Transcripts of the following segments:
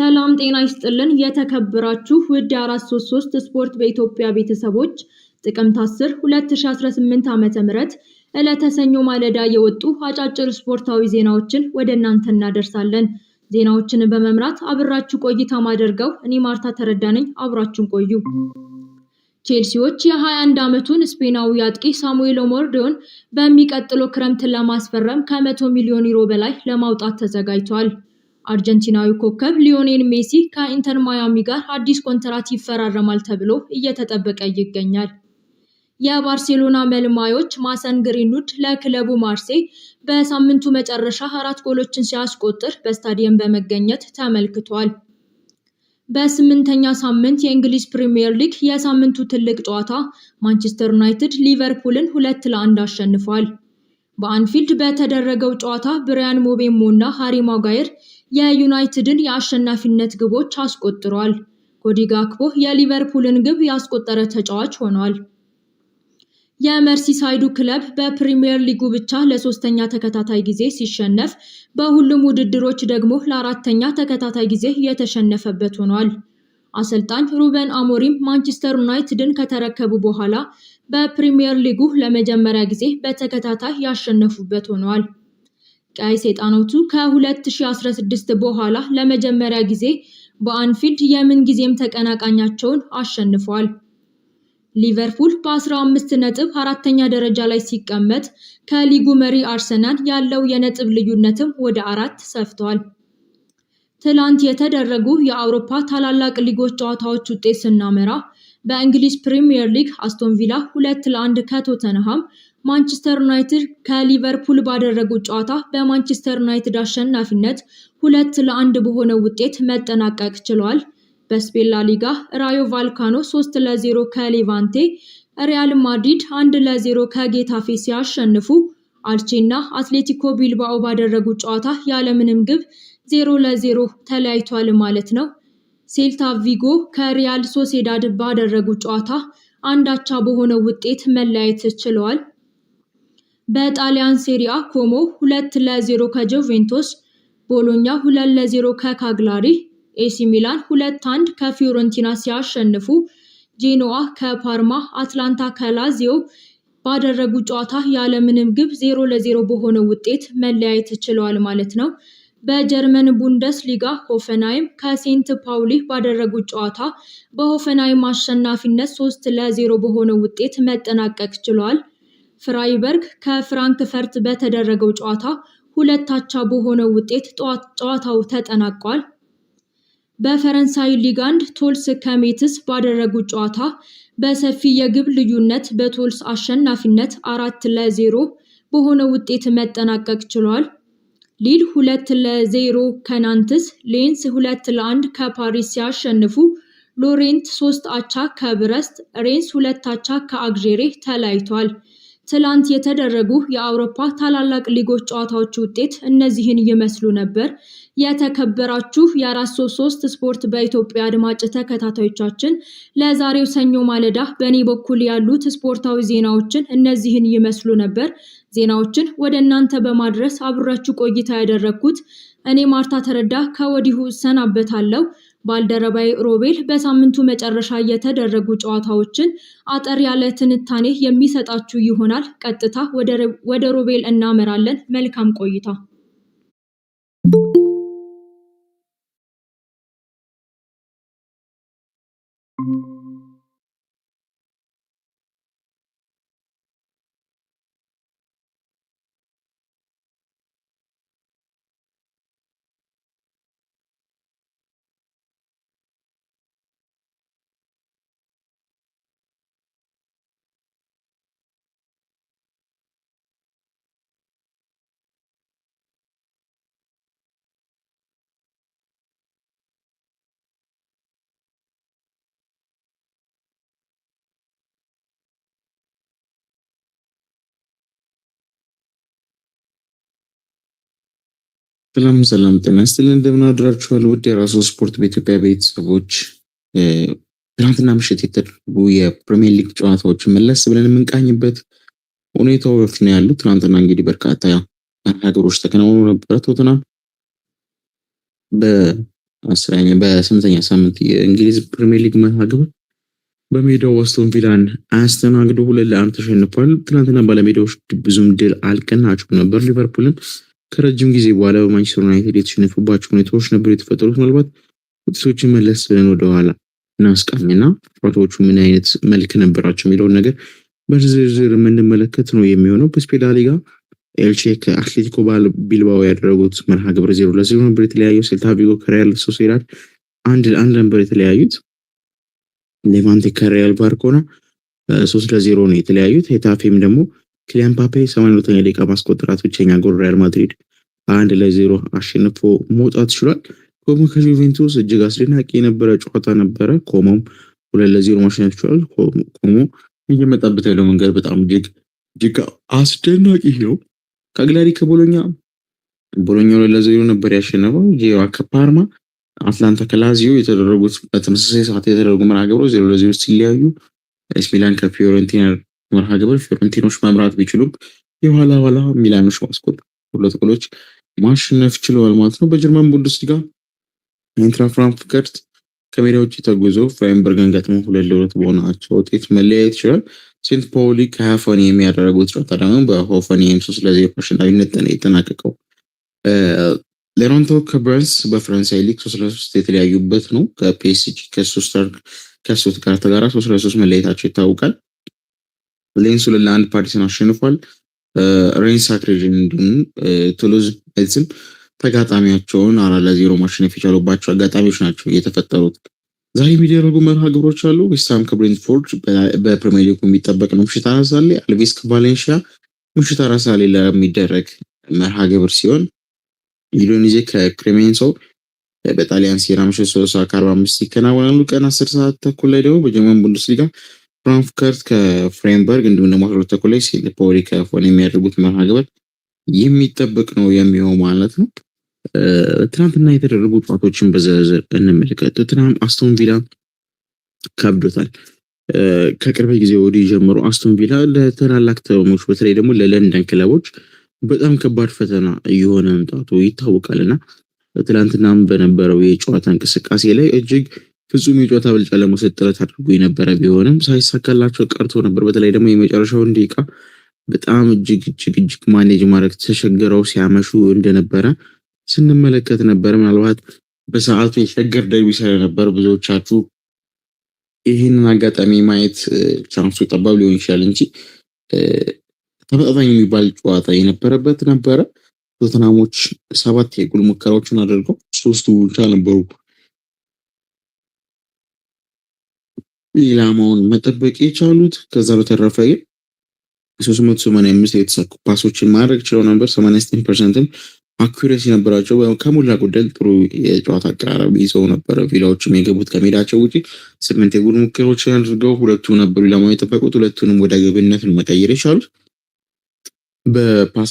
ሰላም ጤና ይስጥልን። የተከበራችሁ ውድ አራት ሶስት ሶስት ስፖርት በኢትዮጵያ ቤተሰቦች ጥቅምት 10 2018 ዓ.ም እለተሰኞ ማለዳ የወጡ አጫጭር ስፖርታዊ ዜናዎችን ወደ እናንተ እናደርሳለን። ዜናዎችን በመምራት አብራችሁ ቆይታ ማደርገው እኔ ማርታ ተረዳ ነኝ። አብራችሁን ቆዩ። ቼልሲዎች የ21 ዓመቱን ስፔናዊ አጥቂ ሳሙኤል ኦሞርዲዮን በሚቀጥለው ክረምት ለማስፈረም ከ ከ100 ሚሊዮን ዩሮ በላይ ለማውጣት ተዘጋጅቷል። አርጀንቲናዊ ኮከብ ሊዮኔል ሜሲ ከኢንተር ማያሚ ጋር አዲስ ኮንትራት ይፈራረማል ተብሎ እየተጠበቀ ይገኛል። የባርሴሎና መልማዮች ማሰን ግሪንውድ ለክለቡ ማርሴ በሳምንቱ መጨረሻ አራት ጎሎችን ሲያስቆጥር በስታዲየም በመገኘት ተመልክቷል። በስምንተኛ ሳምንት የእንግሊዝ ፕሪምየር ሊግ የሳምንቱ ትልቅ ጨዋታ ማንቸስተር ዩናይትድ ሊቨርፑልን ሁለት ለአንድ አሸንፏል። በአንፊልድ በተደረገው ጨዋታ ብሪያን ሞቤሞ እና ሃሪ ማጓየር የዩናይትድን የአሸናፊነት ግቦች አስቆጥሯል። ኮዲ ጋክፖ የሊቨርፑልን ግብ ያስቆጠረ ተጫዋች ሆኗል። የመርሲሳይዱ ክለብ በፕሪምየር ሊጉ ብቻ ለሶስተኛ ተከታታይ ጊዜ ሲሸነፍ በሁሉም ውድድሮች ደግሞ ለአራተኛ ተከታታይ ጊዜ የተሸነፈበት ሆኗል። አሰልጣኝ ሩበን አሞሪም ማንቸስተር ዩናይትድን ከተረከቡ በኋላ በፕሪምየር ሊጉ ለመጀመሪያ ጊዜ በተከታታይ ያሸነፉበት ሆኗል። ቀይ ሰይጣኖቹ ከ2016 በኋላ ለመጀመሪያ ጊዜ በአንፊልድ የምንጊዜም ተቀናቃኛቸውን አሸንፏል። ሊቨርፑል በ15 ነጥብ አራተኛ ደረጃ ላይ ሲቀመጥ ከሊጉ መሪ አርሰናል ያለው የነጥብ ልዩነትም ወደ አራት ሰፍቷል። ትላንት የተደረጉ የአውሮፓ ታላላቅ ሊጎች ጨዋታዎች ውጤት ስናመራ በእንግሊዝ ፕሪምየር ሊግ አስቶን ቪላ ሁለት ለአንድ ከቶተንሃም ማንቸስተር ዩናይትድ ከሊቨርፑል ባደረጉት ጨዋታ በማንቸስተር ዩናይትድ አሸናፊነት ሁለት ለአንድ በሆነ ውጤት መጠናቀቅ ችሏል። በስፔን ላ ሊጋ ራዮ ቫልካኖ 3 ለ0 ከሌቫንቴ፣ ሪያል ማድሪድ 1 ለ0 ከጌታፌ ሲያሸንፉ አልቼና አትሌቲኮ ቢልባኦ ባደረጉት ጨዋታ ያለምንም ግብ 0 ለ0 ተለያይቷል ማለት ነው። ሴልታ ቪጎ ከሪያል ሶሴዳድ ባደረጉት ጨዋታ አንዳቻ በሆነ ውጤት መለያየት ችለዋል። በጣሊያን ሴሪያ ኮሞ ሁለት ለዜሮ ከጁቬንቱስ፣ ቦሎኛ ሁለት ለዜሮ ከካግላሪ፣ ኤሲ ሚላን ሁለት አንድ ከፊዮረንቲና ሲያሸንፉ ጄኖዋ ከፓርማ፣ አትላንታ ከላዚዮ ባደረጉ ጨዋታ ያለምንም ግብ ዜሮ ለዜሮ በሆነ ውጤት መለያየት ችለዋል ማለት ነው። በጀርመን ቡንደስ ሊጋ ሆፈንሃይም ከሴንት ፓውሊ ባደረጉት ጨዋታ በሆፈንሃይም አሸናፊነት ሶስት ለዜሮ በሆነ ውጤት መጠናቀቅ ችሏል። ፍራይበርግ ከፍራንክፈርት በተደረገው ጨዋታ ሁለታቻ በሆነው ውጤት ጨዋታው ተጠናቋል። በፈረንሳይ ሊግ አንድ ቶልስ ከሜትስ ባደረጉት ጨዋታ በሰፊ የግብ ልዩነት በቶልስ አሸናፊነት አራት ለዜሮ በሆነ ውጤት መጠናቀቅ ችሏል። ሊል ሁለት ለዜሮ ከናንትስ፣ ሌንስ ሁለት ለአንድ ከፓሪስ ሲያሸንፉ ሎሬንት ሶስት አቻ ከብረስት፣ ሬንስ ሁለት አቻ ከአግዤሬ ተለያይቷል። ትላንት የተደረጉ የአውሮፓ ታላላቅ ሊጎች ጨዋታዎች ውጤት እነዚህን ይመስሉ ነበር። የተከበራችሁ የአራት ሶስት ሶስት ስፖርት በኢትዮጵያ አድማጭ ተከታታዮቻችን ለዛሬው ሰኞ ማለዳ በእኔ በኩል ያሉት ስፖርታዊ ዜናዎችን እነዚህን ይመስሉ ነበር። ዜናዎችን ወደ እናንተ በማድረስ አብራችሁ ቆይታ ያደረግኩት እኔ ማርታ ተረዳ ከወዲሁ እሰናበታለሁ። ባልደረባይ ሮቤል በሳምንቱ መጨረሻ የተደረጉ ጨዋታዎችን አጠር ያለ ትንታኔ የሚሰጣችሁ ይሆናል። ቀጥታ ወደ ሮቤል እናመራለን። መልካም ቆይታ። ሰላም ሰላም፣ ጤና ይስጥልን እንደምን አድራችኋል? ውድ የራሱ ስፖርት በኢትዮጵያ ቤተሰቦች፣ ትናንትና ምሽት የተደረጉ የፕሪሚየር ሊግ ጨዋታዎችን መለስ ብለን የምንቃኝበት ሁኔታው በፊት ነው ያሉት። ትናንትና እንግዲህ በርካታ ሀገሮች ተከናውኖ ነበረ። ቶተናም በአስረኛ በስምንተኛ ሳምንት የእንግሊዝ ፕሪሚየር ሊግ መርሃግብር በሜዳው አስቶን ቪላን አስተናግዶ ሁለት ለአንድ ተሸንፏል። ትናንትና ባለሜዳዎች ብዙም ድል አልቀናቸውም ነበር ሊቨርፑልን ከረጅም ጊዜ በኋላ በማንቸስተር ዩናይትድ የተሸነፈባቸው ሁኔታዎች ነበር የተፈጠሩት። ምናልባት ውጤቶችን መለስ ብለን ወደኋላ እናስቃኝና ጨዋታዎቹ ምን አይነት መልክ ነበራቸው የሚለውን ነገር በዝርዝር የምንመለከት ነው የሚሆነው። በስፔን ላሊጋ ኤልቼ ከአትሌቲኮ ቢልባኦ ያደረጉት መርሃ ግብር ዜሮ ለዜሮ ነበር የተለያዩ። ሴልታ ቪጎ ከሪያል ሶሴዳድ አንድ ለአንድ ነበር የተለያዩት። ሌቫንቴ ከሪያል ባርኮና ሶስት ለዜሮ ነው የተለያዩት። ሄታፌም ደግሞ ኪሊያን ምባፔ 82ኛ ደቂቃ ማስቆጠራት ብቸኛ ጎል ሪያል ማድሪድ አንድ ለዜሮ አሸንፎ መውጣት ችሏል። ኮሞ ከጁቬንቱስ እጅግ አስደናቂ የነበረ ጨዋታ ነበረ። ኮሞም ሁለት ለዜሮ ማሸነፍ ችሏል። ኮሞ እየመጣበት ያለው መንገድ በጣም እጅግ እጅግ አስደናቂ ነው። ከአግላሪ ከቦሎኛ ቦሎኛ ሁለት ለዜሮ ነበር ያሸነፈው። ጄራ ከፓርማ አትላንታ ከላዚዮ የተደረጉት በተመሳሳይ ሰዓት የተደረጉ መርሃ ግብሮች ዜሮ ለዜሮ ሲለያዩ ኤስ ሚላን ከፊዮረንቲና መርሃ ግብር ፊዮረንቲኖች መምራት ቢችሉም የኋላ ኋላ ሚላኖች ማስቆጥ ሁለት ጎሎች ማሸነፍ ችለዋል ማለት ነው። በጀርመን ቡንደስሊጋ ኢንትራ ፍራንክፈርት ከሜዳ ውጭ ተጉዞ ፍራይንበርግን ገጥሞ ሁለት ለሁለት በሆናቸው ውጤት መለያየት ይችላል። ሴንት ፓውሊ ከሆፈንሄም ያደረጉት ጨዋታ ደግሞ በሆፈንሄም ሶስት ለዜሮ አሸናፊነት የተጠናቀቀው። ሌሮንቶ ከበርንስ በፈረንሳይ ሊግ ሶስት ለሶስት የተለያዩበት ነው። ከፒኤስጂ ከሱስታር ከሱት ጋር ተጋራ ሶስት ለሶስት መለየታቸው ይታወቃል። ሌንስ ሁለት ለአንድ ፓሪስን አሸንፏል። ሬን ሳክሬጅን እንዲሁም ቱሉዝ ኤልስም ተጋጣሚያቸውን አራት ለዜሮ ማሸነፍ የቻሉባቸው አጋጣሚዎች ናቸው የተፈጠሩት። ዛሬ የሚደረጉ መርሃ ግብሮች አሉ። ዌስትሃም ከብሬንትፎርድ በፕሪሚየር ሊጉ የሚጠበቅ ነው። ምሽት አራት ሰዓት ላይ አልቤስ ከቫሌንሺያ ምሽት አራት ሰዓት ላይ ለሚደረግ መርሃ ግብር ሲሆን ዩዶኒዜ ከክሬሜንሶ በጣሊያን ሴራ ምሽት ሶስት ሰዓት ከአርባ አምስት ይከናወናሉ። ቀን አስር ሰዓት ተኩል ላይ ደግሞ በጀርመን ቡንደስሊጋ ፍራንክፈርት ከፍሬንበርግ እንዲሁም ደግሞ አስራ ሁለት ተኩል ላይ ፖሪ ከፎን የሚያደርጉት መርሃ ግብር የሚጠበቅ ነው የሚሆን ማለት ነው። ትናንትና የተደረጉ ጨዋታዎችን በዝርዝር እንመልከት። ትናንት አስቶን ቪላ ከብዶታል። ከቅርብ ጊዜ ወዲህ ጀምሮ አስቶን ቪላ ለትላላቅ ተሞች በተለይ ደግሞ ለለንደን ክለቦች በጣም ከባድ ፈተና እየሆነ መምጣቱ ይታወቃል እና ትናንትናም በነበረው የጨዋታ እንቅስቃሴ ላይ እጅግ ፍጹም የጨዋታ ብልጫ ለመውሰድ ጥረት አድርጎ የነበረ ቢሆንም ሳይሳካላቸው ቀርቶ ነበር። በተለይ ደግሞ የመጨረሻውን ደቂቃ በጣም እጅግ እጅግ እጅግ ማኔጅ ማድረግ ተቸግረው ሲያመሹ እንደነበረ ስንመለከት ነበር። ምናልባት በሰዓቱ የሸገር ደርቢ ስለነበር ብዙዎቻችሁ ይህንን አጋጣሚ ማየት ቻንሱ ጠባብ ሊሆን ይችላል እንጂ ተመጣጣኝ የሚባል ጨዋታ የነበረበት ነበረ። ቶተናሞች ሰባት የጎል ሙከራዎችን አድርገው ሶስቱ ብቻ ነበሩ ኢላማውን መጠበቅ የቻሉት። ከዛ በተረፈ ግን 385 ላይ የተሳኩ ፓሶችን ማድረግ ችለው ነበር። 89 ፐርሰንትም አኩሬሲ ነበራቸው። ከሞላ ጎደል ጥሩ የጨዋታ አቀራረብ ይዘው ነበረ። ቪላዎችም የገቡት ከሜዳቸው ውጪ ስምንት የጎል ሙከራዎችን አድርገው ሁለቱ ነበሩ ኢላማውን የጠበቁት። ሁለቱንም ወደ ግብነት መቀየር የቻሉት በፓስ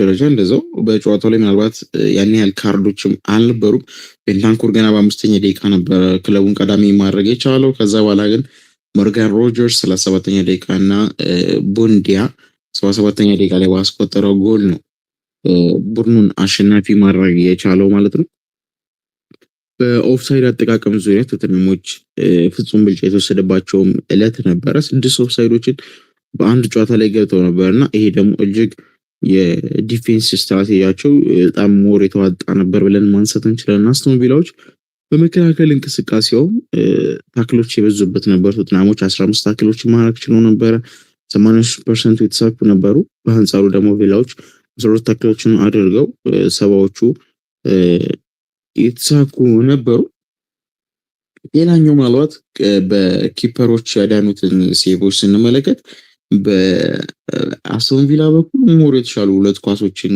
ደረጃ እንደዛው በጨዋታው ላይ ምናልባት ያን ያህል ካርዶችም አልነበሩም። ቤንታንኩር ገና በአምስተኛ ደቂቃ ነበረ ክለቡን ቀዳሚ ማድረግ የቻለው። ከዛ በኋላ ግን ሞርጋን ሮጀርስ ሰላሳ ሰባተኛ ደቂቃ እና ቦንዲያ ሰባ ሰባተኛ ደቂቃ ላይ ባስቆጠረው ጎል ነው ቡድኑን አሸናፊ ማድረግ የቻለው ማለት ነው። በኦፍሳይድ አጠቃቀም ዙሪያ ቶተንሃሞች ፍጹም ብልጫ የተወሰደባቸውም እለት ነበረ ስድስት ኦፍሳይዶችን በአንድ ጨዋታ ላይ ገብተው ነበር እና ይሄ ደግሞ እጅግ የዲፌንስ ስትራቴጂያቸው በጣም ሞር የተዋጣ ነበር ብለን ማንሳት እንችላለን። አስቶን ቪላዎች በመከላከል እንቅስቃሴው ታክሎች የበዙበት ነበር። ቶትናሞች አስራ ታክሎች ማድረግ ችሎ ነበረ። ሰማንያ ፐርሰንቱ የተሳኩ ነበሩ። በአንጻሩ ደግሞ ቪላዎች አስራ ታክሎችን አድርገው ሰባዎቹ የተሳኩ ነበሩ። ሌላኛው ምናልባት በኪፐሮች ያዳኑትን ሴቦች ስንመለከት በአስቶን ቪላ በኩል ሞር የተሻሉ ሁለት ኳሶችን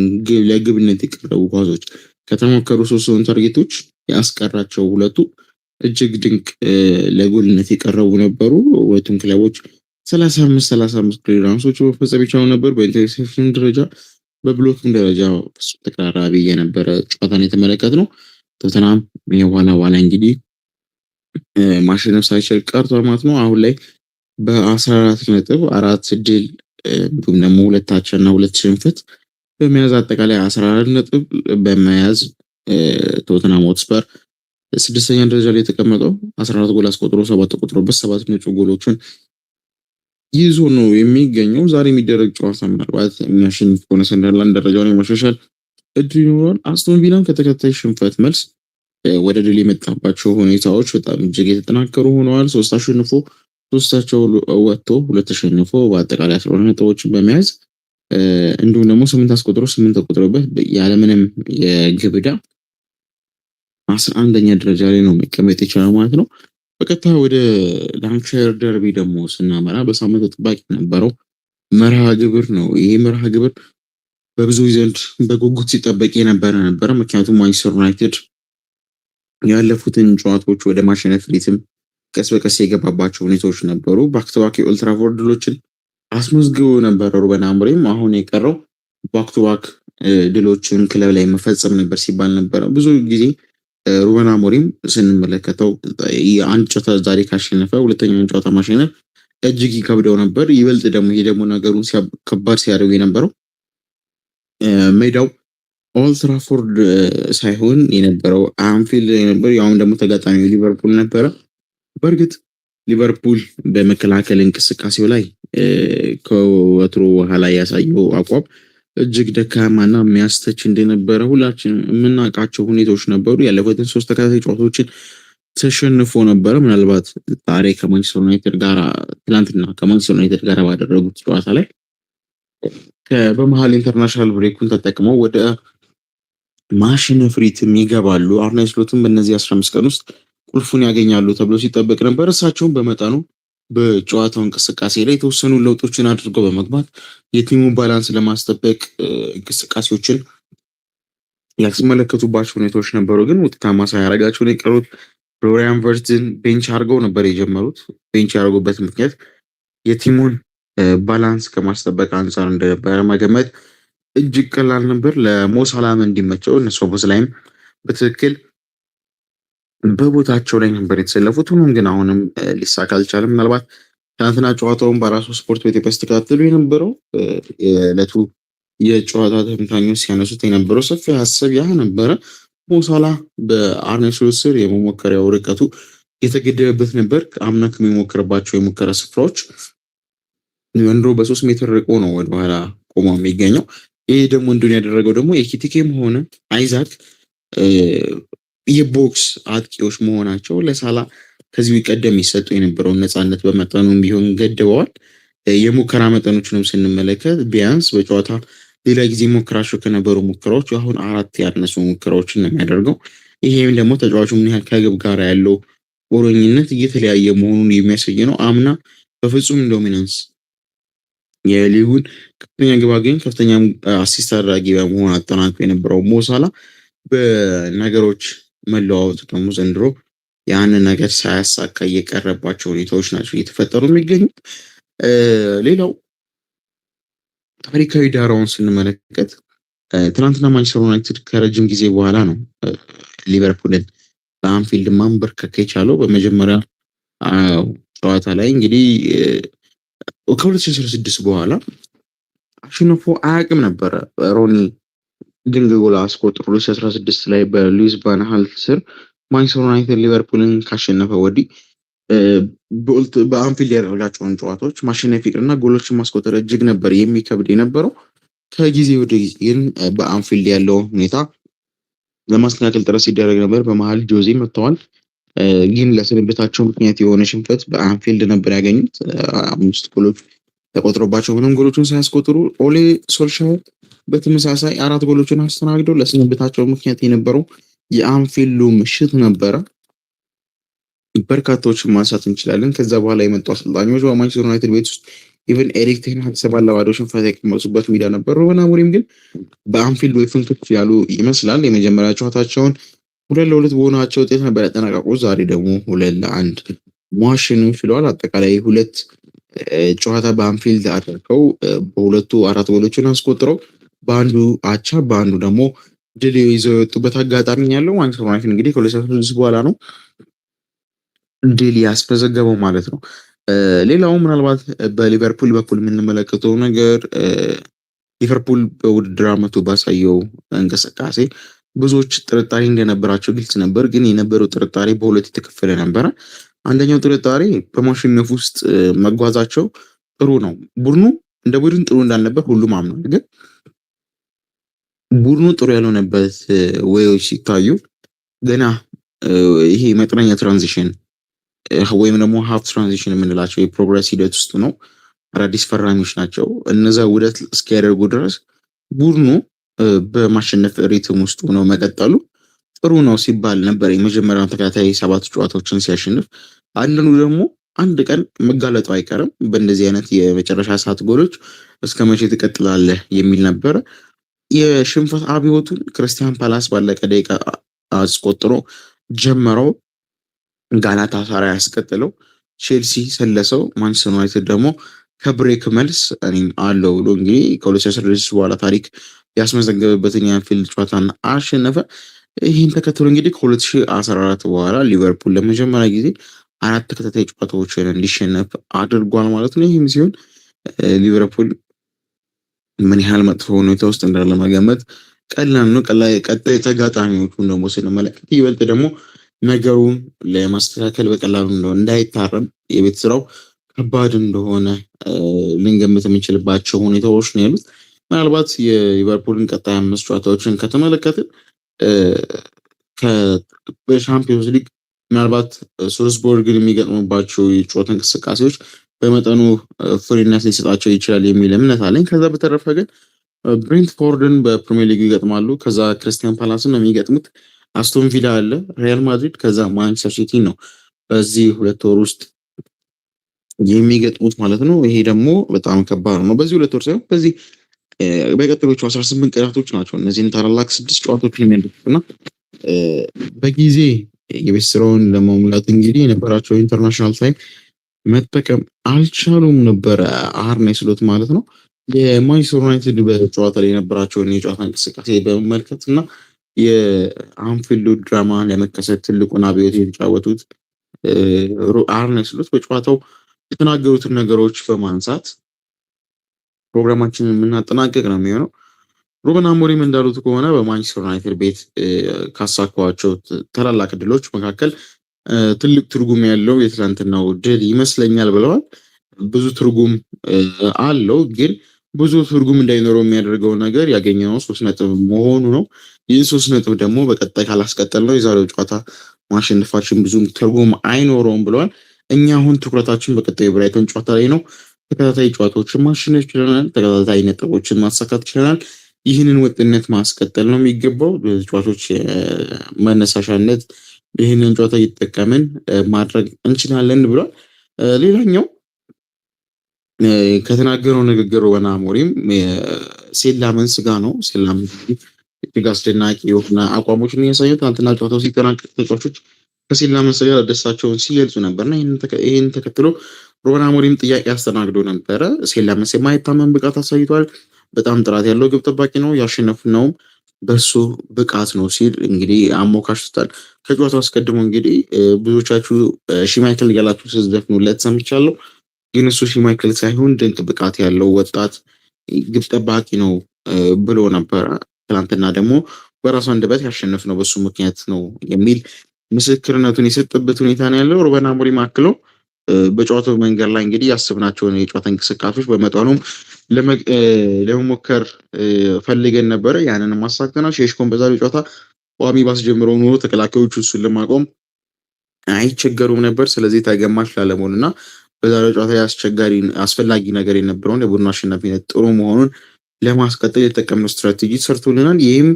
ለግብነት የቀረቡ ኳሶች ከተሞከሩ ሶስቱን ታርጌቶች ያስቀራቸው ሁለቱ እጅግ ድንቅ ለጎልነት የቀረቡ ነበሩ። ሁለቱም ክለቦች ሰላሳ አምስት ክሊራንሶች መፈጸም ይቻሉ ነበር። በኢንተርሴፕሽን ደረጃ በብሎክም ደረጃ ፍጹም ተቀራራቢ የነበረ ጨዋታን የተመለከት ነው። ቶተናም የኋላ ኋላ እንግዲህ ማሸነፍ ሳይችል ቀርቷል ማለት ነው አሁን ላይ በአስራ አራት ነጥብ አራት ድል እንዲሁም ደግሞ ሁለት አቻና ሁለት ሽንፈት በመያዝ አጠቃላይ አስራ አራት ነጥብ በመያዝ ቶተንሃም ሆትስፐር ስድስተኛ ደረጃ ላይ የተቀመጠው አስራ አራት ጎል አስቆጥሮ ሰባት ተቆጥሮበት ሰባት ነጩ ጎሎችን ይዞ ነው የሚገኘው። ዛሬ የሚደረግ ጨዋታ ምናልባት የሚያሸንፍ ከሆነ ሰንደርላንድ ደረጃውን የማሻሻል እድል ይኖረዋል። አስቶን ቪላን ከተከታይ ሽንፈት መልስ ወደ ድል የመጣባቸው ሁኔታዎች በጣም እጅግ የተጠናከሩ ሆነዋል። ሶስት አሸንፎ ሶስታቸው ወጥቶ ሁለት ተሸንፎ በአጠቃላይ አስራ ሁለት ነጥቦችን በመያዝ እንዲሁም ደግሞ ስምንት አስቆጥሮ ስምንት ተቆጥሮበት ያለምንም የግብዳ አስራ አንደኛ ደረጃ ላይ ነው መቀመጥ የቻለው ማለት ነው። በቀጥታ ወደ ላንካሻየር ደርቢ ደግሞ ስናመራ በሳምንት ተጠባቂ የነበረው መርሃ ግብር ነው። ይህ መርሃ ግብር በብዙ ዘንድ በጉጉት ሲጠበቅ የነበረ ነበረ። ምክንያቱም ማንቸስተር ዩናይትድ ያለፉትን ጨዋታዎች ወደ ማሸነፍ ሊትም ቀስ በቀስ የገባባቸው ሁኔታዎች ነበሩ። ባክቱባክ የኦልትራፎርድ ድሎችን አስመዝግቦ ነበር ሩበን አሞሪም። አሁን የቀረው ባክቱባክ ድሎችን ክለብ ላይ መፈጸም ነበር ሲባል ነበረ። ብዙ ጊዜ ሩበን አሞሪም ስንመለከተው የአንድ ጨዋታ ዛሬ ካሸነፈ ሁለተኛውን ጨዋታ ማሸነፍ እጅግ ይከብደው ነበር። ይበልጥ ደግሞ ይሄ ደግሞ ነገሩን ከባድ ሲያደርጉ የነበረው ሜዳው ኦልትራፎርድ ሳይሆን የነበረው አንፊልድ የነበረው ያውም ደግሞ ተጋጣሚው ሊቨርፑል ነበረ። በእርግጥ ሊቨርፑል በመከላከል እንቅስቃሴው ላይ ከወትሮ በኋላ ያሳየው አቋም እጅግ ደካማና የሚያስተች እንደነበረ ሁላችን የምናውቃቸው ሁኔታዎች ነበሩ። ያለፉትን ሶስት ተከታታይ ጨዋታዎችን ተሸንፎ ነበረ። ምናልባት ዛሬ ከማንቸስተር ዩናይትድ ጋር ትላንትና ከማንቸስተር ዩናይትድ ጋር ባደረጉት ጨዋታ ላይ በመሀል ኢንተርናሽናል ብሬኩን ተጠቅመው ወደ ማሽን ፍሪትም ይገባሉ። አርነ ስሎትም በእነዚህ አስራ አምስት ቀን ውስጥ ቁልፉን ያገኛሉ ተብሎ ሲጠበቅ ነበር። እሳቸውም በመጠኑ በጨዋታው እንቅስቃሴ ላይ የተወሰኑ ለውጦችን አድርገው በመግባት የቲሙን ባላንስ ለማስጠበቅ እንቅስቃሴዎችን ያስመለከቱባቸው ሁኔታዎች ነበሩ። ግን ውጤታማ ሳያደርጋቸው ነው የቀሩት። ፍሎሪያን ቨርትዝን ቤንች አድርገው ነበር የጀመሩት። ቤንች ያደርጉበት ምክንያት የቲሙን ባላንስ ከማስጠበቅ አንጻር እንደነበረ መገመት እጅግ ቀላል ነበር። ለሞሳላም እንዲመቸው እነ ላይም በትክክል በቦታቸው ላይ ነበር የተሰለፉት። ሆኖም ግን አሁንም ሊሳካ አልቻለም። ምናልባት ትናንትና ጨዋታውን በራሱ ስፖርት ቤት የተስተካከሉ የነበረው የዕለቱ የጨዋታ ተንታኞች ሲያነሱት የነበረው ሰፊ ሀሳብ ያ ነበረ። ሞሳላ በአርነ ስሎት ስር የመሞከሪያው ርቀቱ የተገደበበት ነበር። አምና ከሚሞክርባቸው የሙከራ ስፍራዎች ዘንድሮ በሶስት ሜትር ርቆ ነው ወደኋላ ቆሞ የሚገኘው። ይህ ደግሞ እንዲሆን ያደረገው ደግሞ የኪቲኬም ሆነ አይዛክ የቦክስ አጥቂዎች መሆናቸው ለሳላ ከዚህ ቀደም ይሰጡ የነበረውን ነፃነት በመጠኑም ቢሆን ገድበዋል። የሙከራ መጠኖችንም ስንመለከት ቢያንስ በጨዋታ ሌላ ጊዜ ሞክራቸው ከነበሩ ሙከራዎች አሁን አራት ያነሱ ሙከራዎችን ነው የሚያደርገው። ይሄም ደግሞ ተጫዋቹ ምን ያህል ከግብ ጋር ያለው ቁርኝነት እየተለያየ መሆኑን የሚያሳይ ነው። አምና በፍጹም ዶሚናንስ የሊጉን ከፍተኛ ግብ አግኝ አሲስት አድራጊ በመሆን አጠናክሮ የነበረው ሞሳላ በነገሮች መለዋወጡ ደግሞ ዘንድሮ ያንን ነገር ሳያሳካ እየቀረባቸው ሁኔታዎች ናቸው እየተፈጠሩ የሚገኙት። ሌላው ታሪካዊ ዳራውን ስንመለከት ትናንትና ማንቸስተር ዩናይትድ ከረጅም ጊዜ በኋላ ነው ሊቨርፑልን በአንፊልድ ማንበርከክ የቻለው። በመጀመሪያ ጨዋታ ላይ እንግዲህ ከ2016 በኋላ አሸንፎ አያውቅም ነበረ ሮኒ ድንቅ ጎል አስቆጥሮ ሉዊስ 16 ላይ በሉዊስ ቫን ስር ማንችስተር ዩናይትድ ሊቨርፑልን ካሸነፈ ወዲህ በአንፊልድ ያደረጋቸውን ጨዋታዎች ማሸነፍ ይቅርና ጎሎችን ማስቆጠር እጅግ ነበር የሚከብድ የነበረው። ከጊዜ ወደ ጊዜ ግን በአንፊልድ ያለው ሁኔታ ለማስተካከል ጥረት ሲደረግ ነበር። በመሀል ጆዜ መጥተዋል፣ ግን ለስንብታቸው ምክንያት የሆነ ሽንፈት በአንፊልድ ነበር ያገኙት። አምስት ጎሎች ተቆጥሮባቸው ምንም ጎሎቹን ሳያስቆጥሩ ኦሌ ሶልሻር በተመሳሳይ አራት ጎሎችን አስተናግደው ለስንብታቸው ምክንያት የነበረው የአንፊልዱ ምሽት ነበረ። በርካታዎችን ማንሳት እንችላለን። ከዛ በኋላ የመጡ አሰልጣኞች በማንቸስተር ዩናይትድ ቤት ውስጥ ኢቨን ኤሪክ ቴን ሃግ ሰባት ለባዶ ሽንፈት የቀመጡበት ሜዳ ነበር። ሩበን አሞሪም ግን በአንፊልድ ወይ ያሉ ይመስላል። የመጀመሪያ ጨዋታቸውን ሁለት ለሁለት በሆናቸው ውጤት ነበር ያጠናቀቁ። ዛሬ ደግሞ ሁለት ለአንድ ማሸነፍ ችለዋል። አጠቃላይ ሁለት ጨዋታ በአንፊልድ አድርገው በሁለቱ አራት ጎሎችን አስቆጥረው በአንዱ አቻ በአንዱ ደግሞ ድል ይዘው የወጡበት አጋጣሚ ያለው ማንቸስተር ዩናይትድ እንግዲህ ከሁለት ስድስት በኋላ ነው ድል ያስመዘገበው ማለት ነው። ሌላው ምናልባት በሊቨርፑል በኩል የምንመለከተው ነገር ሊቨርፑል በውድድር ዓመቱ ባሳየው እንቅስቃሴ ብዙዎች ጥርጣሬ እንደነበራቸው ግልጽ ነበር። ግን የነበረው ጥርጣሬ በሁለት የተከፈለ ነበረ። አንደኛው ጥርጣሬ በማሸነፍ ውስጥ መጓዛቸው ጥሩ ነው፣ ቡድኑ እንደ ቡድን ጥሩ እንዳልነበር ሁሉም አምኗል። ግን ቡድኑ ጥሩ ያልሆነበት ወዎች ሲታዩ ገና ይሄ መጠነኛ ትራንዚሽን ወይም ደግሞ ሀፍ ትራንዚሽን የምንላቸው የፕሮግረስ ሂደት ውስጥ ነው። አዳዲስ ፈራሚዎች ናቸው። እነዛ ውደት እስኪያደርጉ ድረስ ቡድኑ በማሸነፍ ሪትም ውስጥ ሆነው መቀጠሉ ጥሩ ነው ሲባል ነበር። የመጀመሪያውን ተከታታይ ሰባት ጨዋታዎችን ሲያሸንፍ፣ አንድኑ ደግሞ አንድ ቀን መጋለጡ አይቀርም በእንደዚህ አይነት የመጨረሻ ሰዓት ጎሎች እስከ መቼ ትቀጥላለህ የሚል ነበረ። የሽንፈት አብዮቱን ክርስቲያን ፓላስ ባለቀ ደቂቃ አስቆጥሮ ጀመረው። ጋላታ ሳራይ ያስቀጥለው፣ ቼልሲ ሰለሰው፣ ማንቸስተር ዩናይትድ ደግሞ ከብሬክ መልስ እኔም አለው ብሎ እንግዲህ ከ2016 በኋላ ታሪክ ያስመዘገበበትን የአንፊልድ ጨዋታን አሸነፈ። ይህን ተከትሎ እንግዲህ ከ አራት በኋላ ሊቨርፑል ለመጀመሪያ ጊዜ አራት ተከታታይ ጨዋታዎችን እንዲሸነፍ አድርጓል ማለት ነው። ይህም ሲሆን ሊቨርፑል ምን ያህል መጥፎ ሁኔታ ውስጥ እንዳለ መገመት ቀላል ነው። ቀላ ቀጣይ ተጋጣሚዎቹን ደግሞ ስንመለከት ይበልጥ ደግሞ ነገሩን ለማስተካከል በቀላሉ እንደሆነ እንዳይታረም የቤት ስራው ከባድ እንደሆነ ልንገምት የምንችልባቸው ሁኔታዎች ነው ያሉት። ምናልባት የሊቨርፑልን ቀጣይ አምስት ጨዋታዎችን ከተመለከትን በሻምፒዮንስ ሊግ ምናልባት ሶልስቦርግን የሚገጥሙባቸው የጨዋታ እንቅስቃሴዎች በመጠኑ ፍሪነት ሊሰጣቸው ይችላል የሚል እምነት አለኝ። ከዛ በተረፈ ግን ብሬንትፎርድን በፕሪሚየር ሊግ ይገጥማሉ። ከዛ ክርስቲያን ፓላስን ነው የሚገጥሙት። አስቶን ቪላ አለ፣ ሪያል ማድሪድ ከዛ ማንቸስተር ሲቲ ነው በዚህ ሁለት ወር ውስጥ የሚገጥሙት ማለት ነው። ይሄ ደግሞ በጣም ከባድ ነው። በዚህ ሁለት ወር ሳይሆን በዚህ በቀጥሎቹ አስራ ስምንት ቀናቶች ናቸው እነዚህን ታላላቅ ስድስት ጨዋታዎች የሚያደርጉት እና በጊዜ የቤት ስራውን ለመሙላት እንግዲህ የነበራቸው ኢንተርናሽናል ታይም መጠቀም አልቻሉም ነበረ። አርኔ ስሎት ማለት ነው። የማንቸስተር ዩናይትድ በጨዋታ ላይ የነበራቸውን የጨዋታ እንቅስቃሴ በመመልከት እና የአንፊልዱ ድራማ ለመከሰት ትልቁን አብዮት የተጫወቱት አርኔ ስሎት በጨዋታው የተናገሩትን ነገሮች በማንሳት ፕሮግራማችንን የምናጠናቀቅ ነው የሚሆነው። ሩበን አሞሪም እንዳሉት ከሆነ በማንቸስተር ዩናይትድ ቤት ካሳኳቸው ታላላቅ ድሎች መካከል ትልቅ ትርጉም ያለው የትላንትናው ድል ይመስለኛል ብለዋል። ብዙ ትርጉም አለው ግን ብዙ ትርጉም እንዳይኖረው የሚያደርገው ነገር ያገኘነው ሶስት ነጥብ መሆኑ ነው። ይህን ሶስት ነጥብ ደግሞ በቀጣይ ካላስቀጠል ነው የዛሬው ጨዋታ ማሸነፋችን ብዙም ትርጉም አይኖረውም ብለዋል። እኛ አሁን ትኩረታችን በቀጣዩ ብራይቶን ጨዋታ ላይ ነው። ተከታታይ ጨዋታዎችን ማሸነፍ ችለናል። ተከታታይ ነጥቦችን ማሳካት ችለናል። ይህንን ወጥነት ማስቀጠል ነው የሚገባው። ጨዋታዎች መነሳሻነት ይህንን ጨዋታ እየተጠቀምን ማድረግ እንችላለን ብሏል። ሌላኛው ከተናገረው ንግግር ወና ሞሪም ሴላምን ስጋ ነው። ሴላምን እጅግ አስደናቂ የሆነ አቋሞችን እያሳየ ትናንትና ጨዋታው ሲጠናቀቅ ተጫዋቾች ከሴላምን ስጋ ደስታቸውን ሲገልጹ ነበርና ይህን ተከትሎ ሩበን አሞሪም ጥያቄ አስተናግዶ ነበረ። ሴላምን የማይታመን ብቃት አሳይቷል። በጣም ጥራት ያለው ግብ ጠባቂ ነው። ነውም በሱ ብቃት ነው ሲል እንግዲህ አሞካሽቷል። ከጨዋታው አስቀድሞ እንግዲህ ብዙዎቻችሁ ሺማይክል እያላችሁ ስትዘፍኑለት ሰምቻለሁ። ግን እሱ ሺማይክል ሳይሆን ድንቅ ብቃት ያለው ወጣት ግብ ጠባቂ ነው ብሎ ነበር። ትናንትና ደግሞ በራሱ አንደበት ያሸነፍ ነው በሱ ምክንያት ነው የሚል ምስክርነቱን የሰጠበት ሁኔታ ነው ያለው። ሩበን አሞሪም አክሎ በጨዋታው መንገድ ላይ እንግዲህ ያስብናቸውን የጨዋታ እንቅስቃሴዎች በመጠኑም ለመሞከር ፈልገን ነበረ። ያንን አሳክተናል። ሼሽኮን በዛሬው ጨዋታ ቋሚ ባስጀምረው ኑሮ ተከላካዮቹ እሱን ለማቆም አይቸገሩም ነበር። ስለዚህ ተገማች ላለመሆን እና በዛሬው ጨዋታ አስቸጋሪ አስፈላጊ ነገር የነበረውን የቡድኑ አሸናፊነት ጥሩ መሆኑን ለማስቀጠል የተጠቀምነው ስትራቴጂ ሰርቶልናል። ይህም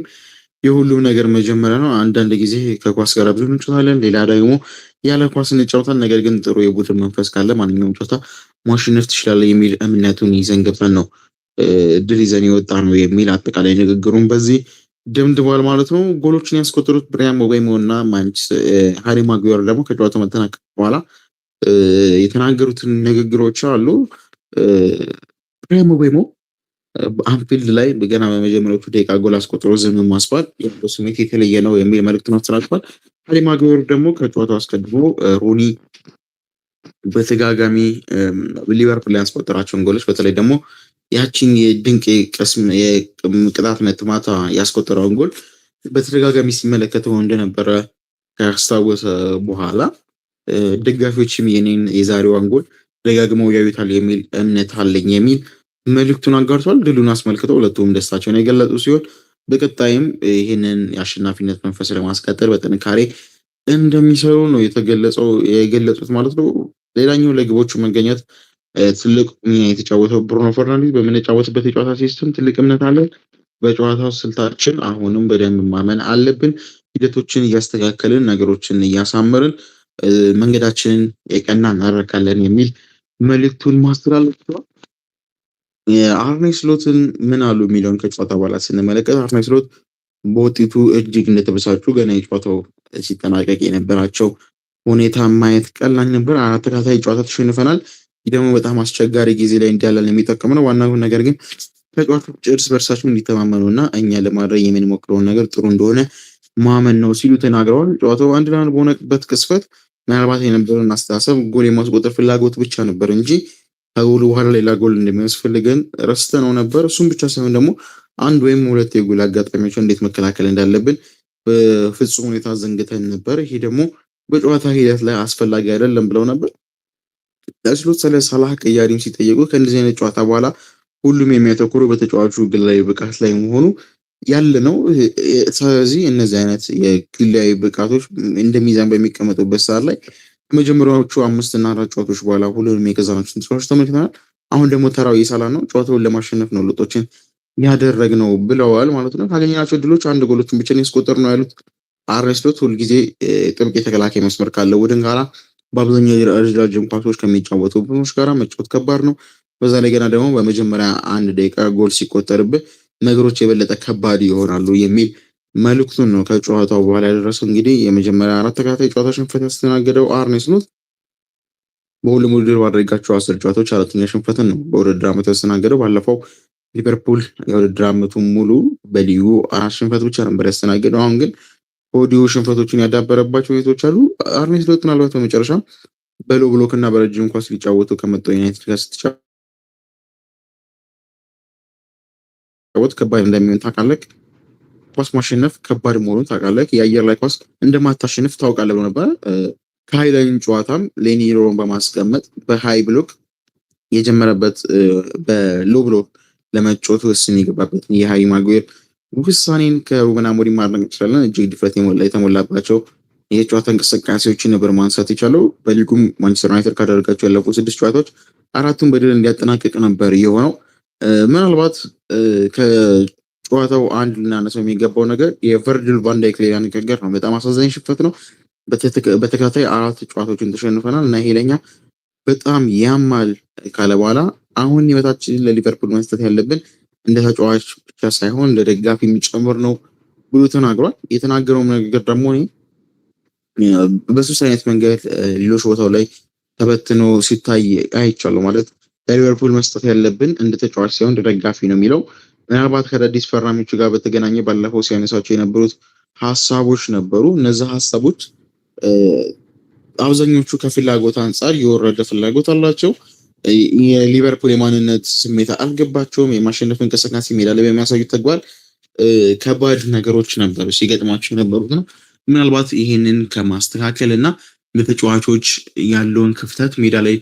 የሁሉም ነገር መጀመሪያ ነው። አንዳንድ ጊዜ ከኳስ ጋር ብዙ እንጫወታለን፣ ሌላ ደግሞ ያለ ኳስ እንጫወታል። ነገር ግን ጥሩ የቡድን መንፈስ ካለ ማንኛውም ጨዋታ ማሸነፍ ትችላለህ የሚል እምነቱን ይዘን ገብተን ነው ድል ይዘን የወጣ ነው የሚል አጠቃላይ ንግግሩን በዚህ ደምድቧል ማለት ነው። ጎሎችን ያስቆጠሩት ብሪያን ምቤሞ እና ሃሪ ማጓየር ደግሞ ከጨዋታው መጠናቀቅ በኋላ የተናገሩትን ንግግሮች አሉ። ብሪያን ምቤሞ በአንፊልድ ላይ ገና በመጀመሪያዎቹ ደቂቃ ጎል አስቆጥሮ ዝም ማስባል ያለው ስሜት የተለየ ነው የሚል መልዕክትን አስተላልፏል። ሃሪ ማጓየር ደግሞ ከጨዋታው አስቀድሞ ሮኒ በተጋጋሚ ሊቨርፑል ያስቆጠራቸውን ጎሎች በተለይ ደግሞ ያችን የድንቅ ቅጣት ምት ማታ ያስቆጠረውን ጎል በተደጋጋሚ ሲመለከተው እንደነበረ ካስታወሰ በኋላ ደጋፊዎችም የኔን የዛሬዋን ጎል ደጋግመው ያዩታል የሚል እምነት አለኝ የሚል መልእክቱን አጋርቷል። ድሉን አስመልክተው ሁለቱም ደስታቸውን የገለጹ ሲሆን በቀጣይም ይህንን የአሸናፊነት መንፈስ ለማስቀጠል በጥንካሬ እንደሚሰሩ ነው የተገለጸው የገለጹት ማለት ነው። ሌላኛው ለግቦቹ መገኘት ትልቅ ሚና የተጫወተው ብሩኖ ፈርናንዴዝ በምንጫወትበት የጨዋታ ሲስተም ትልቅ እምነት አለን። በጨዋታው ስልታችን አሁንም በደንብ ማመን አለብን። ሂደቶችን እያስተካከልን ነገሮችን እያሳመርን መንገዳችንን የቀና እናደርጋለን የሚል መልእክቱን ማስተላለፍ ችሏል። አርኔ ስሎትን ምን አሉ የሚለውን ከጨዋታ በኋላ ስንመለከት አርኔ ስሎት በውጤቱ እጅግ እንደተበሳጩ ገና የጨዋታው ሲጠናቀቅ የነበራቸው ሁኔታ ማየት ቀላል ነበር። አራት ተከታታይ ጨዋታ ተሸንፈናል። ይህ ደግሞ በጣም አስቸጋሪ ጊዜ ላይ እንዳለን የሚጠቅም ነው። ዋናው ነገር ግን ተጫዋቾች እርስ በርሳቸው እንዲተማመኑ እና እኛ ለማድረግ የምንሞክረውን ነገር ጥሩ እንደሆነ ማመን ነው ሲሉ ተናግረዋል። ጨዋታው አንድ ለአንድ በሆነበት ቅስፈት ምናልባት የነበረን አስተሳሰብ ጎል የማስቆጠር ፍላጎት ብቻ ነበር እንጂ ከጎሉ በኋላ ሌላ ጎል እንደሚያስፈልገን ረስተ ነው ነበር። እሱም ብቻ ሳይሆን ደግሞ አንድ ወይም ሁለት የጎል አጋጣሚዎችን እንዴት መከላከል እንዳለብን በፍጹም ሁኔታ ዘንግተን ነበር። ይሄ ደግሞ በጨዋታ ሂደት ላይ አስፈላጊ አይደለም ብለው ነበር። ስሎት ስለ ሳላህ ቅያሪም ሲጠየቁ ከእንደዚህ አይነት ጨዋታ በኋላ ሁሉም የሚያተኩሩ በተጫዋቹ ግላዊ ብቃት ላይ መሆኑ ያለ ነው። ስለዚህ እነዚህ አይነት የግላዊ ብቃቶች እንደ ሚዛን በሚቀመጡበት ሰዓት ላይ ከመጀመሪያዎቹ አምስት እና አራት ጨዋታዎች በኋላ ሁሉንም የገዛናቸውን ስራዎች ተመልክተናል። አሁን ደግሞ ተራው የሳላ ነው። ጨዋታውን ለማሸነፍ ነው ለውጦችን ነው ብለዋል ማለት ነው። ካገኘናቸው ድሎች አንድ ጎሎችን ብቻ ያስቆጠር ነው ያሉት አርስሎት ሁልጊዜ ጥብቅ የተከላካይ መስመር ካለው ቡድን ጋራ በአብዛኛው የረጃጅም ኳሶች ከሚጫወቱ ቡድኖች ጋራ መጫወት ከባድ ነው። በዛ ላይ ገና ደግሞ በመጀመሪያ አንድ ደቂቃ ጎል ሲቆጠርብህ ነገሮች የበለጠ ከባድ ይሆናሉ የሚል መልእክቱን ነው ከጨዋታው በኋላ ያደረሰው። እንግዲህ የመጀመሪያ አራት ተከታታይ ጨዋታ ሽንፈት ያስተናገደው አርኔ በሁሉም ውድድር ባደረጋቸው አስር ጨዋታዎች አራተኛ ሽንፈትን ነው በውድድር ዓመቱ ያስተናገደው። ባለፈው ሊቨርፑል የውድድር ዓመቱ ሙሉ በልዩ አራት ሽንፈት ብቻ ነበር ያስተናገደው። አሁን ግን ኦዲዮ ሽንፈቶችን ያዳበረባቸው ሁኔታዎች አሉ። አርኔ ስሎት ምናልባት በመጨረሻ በሎ ብሎክ እና በረጅም ኳስ ሊጫወቱ ከመጣው ዩናይትድ ጋር ስትጫወት ከባድ እንደሚሆን ታውቃለህ። ኳስ ማሸነፍ ከባድ መሆኑን ታውቃለህ። የአየር ላይ ኳስ እንደማታሸንፍ ታውቃለህ ብሎ ነበረ። ከሀይላይን ጨዋታም ሌኒ ዮሮን በማስቀመጥ በሀይ ብሎክ የጀመረበት በሎ ብሎክ ለመጫወት ወስን የገባበትን የሀይ ማጉዌር ውሳኔን ከሩበን አሞሪም ማድረግ እንችላለን። እጅግ ድፍረት የተሞላባቸው የጨዋታ እንቅስቃሴዎችን ነበር ማንሳት የቻለው። በሊጉም ማንቸስተር ዩናይትድ ካደረጋቸው ያለፉ ስድስት ጨዋታዎች አራቱን በድል እንዲያጠናቅቅ ነበር የሆነው። ምናልባት ከጨዋታው አንድ ልናነሰው የሚገባው ነገር የቨርጅል ቫንዳይክ ሌላ ንግግር ነው። በጣም አሳዛኝ ሽፈት ነው። በተከታታይ አራት ጨዋታዎችን ተሸንፈናል እና ይሄ ለኛ በጣም ያማል ካለ በኋላ አሁን የበታችን ለሊቨርፑል መስጠት ያለብን እንደ ተጫዋች ብቻ ሳይሆን እንደ ደጋፊ የሚጨምር ነው ብሎ ተናግሯል። የተናገረውም ንግግር ደግሞ በሶስት አይነት መንገድ ሌሎች ቦታው ላይ ተበትኖ ሲታይ አይቻሉ። ማለት ለሊቨርፑል መስጠት ያለብን እንደ ተጫዋች ሳይሆን እንደ ደጋፊ ነው የሚለው ምናልባት ከአዳዲስ ፈራሚዎቹ ጋር በተገናኘ ባለፈው ሲያነሳቸው የነበሩት ሀሳቦች ነበሩ። እነዚህ ሀሳቦች አብዛኞቹ ከፍላጎት አንጻር የወረደ ፍላጎት አላቸው። የሊቨርፑል የማንነት ስሜት አልገባቸውም። የማሸነፍ እንቅስቃሴ ሜዳ ላይ በሚያሳዩት ተግባር ከባድ ነገሮች ነበሩ ሲገጥማቸው የነበሩት ነው። ምናልባት ይህንን ከማስተካከል እና ለተጫዋቾች ያለውን ክፍተት ሜዳ ላይ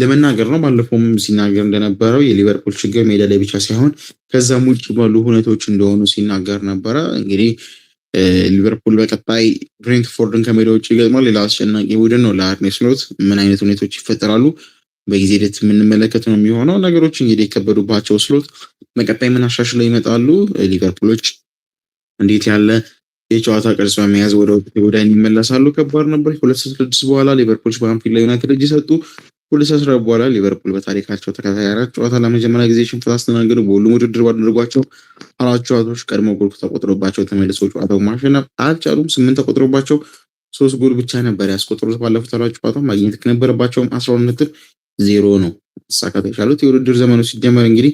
ለመናገር ነው። ባለፈውም ሲናገር እንደነበረው የሊቨርፑል ችግር ሜዳ ላይ ብቻ ሳይሆን ከዛም ውጭ ባሉ ሁኔታዎች እንደሆኑ ሲናገር ነበረ። እንግዲህ ሊቨርፑል በቀጣይ ብሬንትፎርድን ከሜዳ ውጭ ይገጥማል። ሌላ አስጨናቂ ቡድን ነው። ለአርኔ ስሎት ምን አይነት ሁኔታዎች ይፈጠራሉ? በጊዜ ሂደት የምንመለከት ነው የሚሆነው። ነገሮች እንግዲህ የከበዱባቸው ስሎት በቀጣይ ምን አሻሽለው ይመጣሉ? ሊቨርፑሎች እንዴት ያለ የጨዋታ ቅርጽ በመያዝ ወደ ወደ ይመለሳሉ? ከባድ ነበር። ሁለት ስድስት በኋላ ሊቨርፑሎች በአንፊልድ ላይ ዩናይትድ እጅ ሰጡ። ሁለት አስራ በኋላ ሊቨርፑል በታሪካቸው ተከታታይ አራት ጨዋታ ለመጀመሪያ ጊዜ ሽንፈት አስተናገዱ። በሁሉም ውድድር ባደረጓቸው አራት ጨዋታዎች ቀድሞ ጎል ተቆጥሮባቸው ተመልሰው ጨዋታው ማሸነፍ አልቻሉም። ስምንት ተቆጥሮባቸው ሶስት ጎል ብቻ ነበር ያስቆጥሩት። ባለፉት አራት ጨዋታ ማግኘት ከነበረባቸውም አስራ ሁለት ነጥብ ዜሮ ነው ማሳካት የቻሉት። የውድድር ዘመኑ ሲጀመር እንግዲህ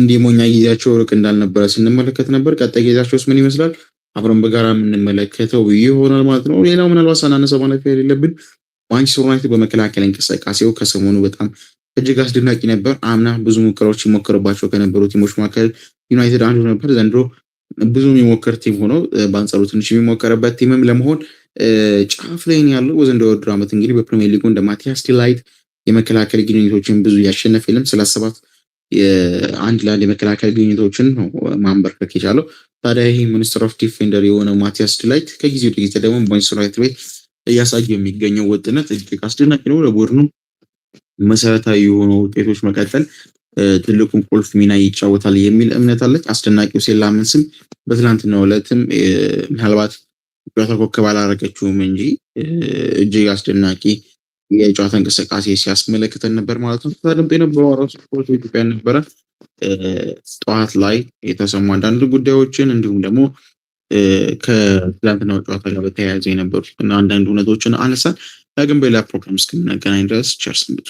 እንዲህ ሞኛ ጊዜያቸው ሩቅ እንዳልነበረ ስንመለከት ነበር። ቀጣይ ጊዜያቸውስ ምን ይመስላል? አብረን በጋራ የምንመለከተው ይሆናል ማለት ነው። ሌላው ምናልባት ሳናነሳ ማለፍ የሌለብን ማንቸስተር ዩናይትድ በመከላከል እንቅስቃሴው ከሰሞኑ በጣም እጅግ አስደናቂ ነበር። አምና ብዙ ሙከራዎች ይሞከርባቸው ከነበሩ ቲሞች መካከል ዩናይትድ አንዱ ነበር። ዘንድሮ ብዙ የሚሞከር ቲም ሆኖ በአንጻሩ ትንሽ የሚሞከርበት ቲምም ለመሆን ጫፍ ላይን ያለው በዘንድሮው የውድድር ዓመት እንግዲህ በፕሪሚየር ሊጉ እንደ ማቲያስ ዲላይት የመከላከል ግንኙነቶችን ብዙ ያሸነፈ የለም። ሰላሳ ሰባት አንድ ለአንድ የመከላከል ግንኙነቶችን ነው ማንበርከክ የቻለው። ታዲያ ይህ ሚኒስትር ኦፍ ዲፌንደር የሆነው ማቲያስ ድላይት ከጊዜ ወደ ጊዜ ደግሞ በኢንስራይት ቤት እያሳየ የሚገኘው ወጥነት እጅግ አስደናቂ ነው። ለቡድኑ መሰረታዊ የሆኑ ውጤቶች መቀጠል ትልቁን ቁልፍ ሚና ይጫወታል የሚል እምነት አለች። አስደናቂው ሴላመንስም በትናንትናው ዕለትም ምናልባት ጨዋታ ኮከብ እንጂ እጅግ አስደናቂ የጨዋታ እንቅስቃሴ ሲያስመለክተን ነበር ማለት ነው። ተደምጦ የነበረው አራሱ ስፖርት በኢትዮጵያ ነበረ። ጠዋት ላይ የተሰሙ አንዳንድ ጉዳዮችን እንዲሁም ደግሞ ከትላንትናው ጨዋታ ጋር በተያያዘ እና አንዳንድ እውነቶችን አነሳን። ዳግም በሌላ ፕሮግራም እስክንገናኝ ድረስ ቸር ሰንብቱ።